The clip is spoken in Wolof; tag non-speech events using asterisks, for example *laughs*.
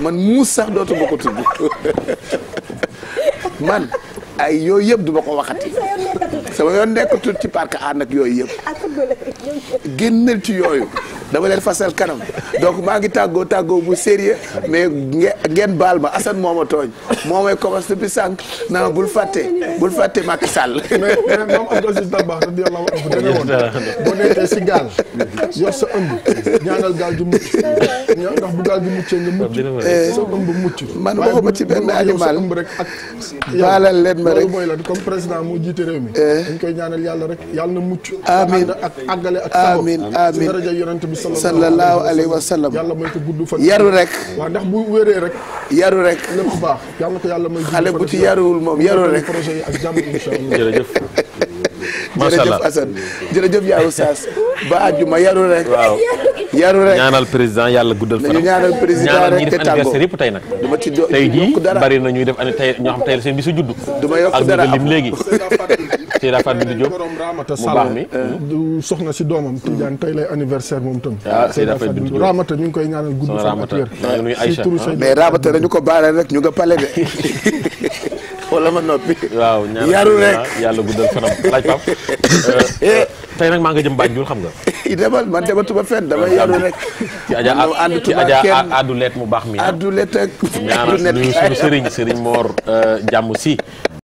man muus sax dootuma ko tudd *laughs* man ay yooyu yëpp duma ko waxati sama yoon tu ci parc ànd ak yooyu yëpp génnal ci yooyu dama leen fasal kanam donc maa ngi tàggoo tàggoo bu sérieux mais ngeen baal ma assan moo ma tooñ moo may sànq naa bul fàtte bul fàtte Macky Sall. *laughs* mais mais moom Abdou Aziz Dabakh radiyallahu anhu da ne woon gaal yor sa ëmb ñaanal gaal gi mucc ndax bu gaal gi eh, ci benn animal baalal leen ma rek loolu mooy la comme président mu jiite dañ koy ñaanal yàlla rek yàlla na mucc amiin ak àggale ak amiin amiin daraja yonent bi sallallahu alayhi wa sallam yàlla may ko gudd fan yaru rek waaw ndax bu wéree rek yaru rek lépp baax yàlla ko yàlla may xale bu ci yaruwul moom yaru rek projet yi ak jàmm insha allah jërëjëf macha allah jërëjëf Assane jërëjëf yaa Oustaz ba àjjuma yaru rek. waaw yaru rek ñaanal président yàlla guddal fanam. ñaanal président rek te tàggoo ñaanal ñi def anniversaire yëpp tey nag. du ma ci yokk dara tey jii bari na ñuy def année tey ñoo xam tey la seen bisu judd. du ma yokk dara ak lim léegi. ci rafet bi di jóg mu baax mi soxna si doomam Tidiane tey lay anniversaire moom tam ah, Ramata ñu ngi koy ñaanal gudd fan ak wér mais Ramata dañu ko baale rek ñu nga pale de wala *laughs* ma noppi waaw ñaanal yaru rek yàlla guddal fanam laaj pap *laughs* euh, eh, tey nag maa nga jëm Banjul xam nga. *laughs* demal man dematuma fenn damay yanu rek. ci aja ci àjà àdduleet mu baax mi. àdduleet ah. ak ñaanal nuyu suñu Serigne Serigne Mor jàmm euh, si.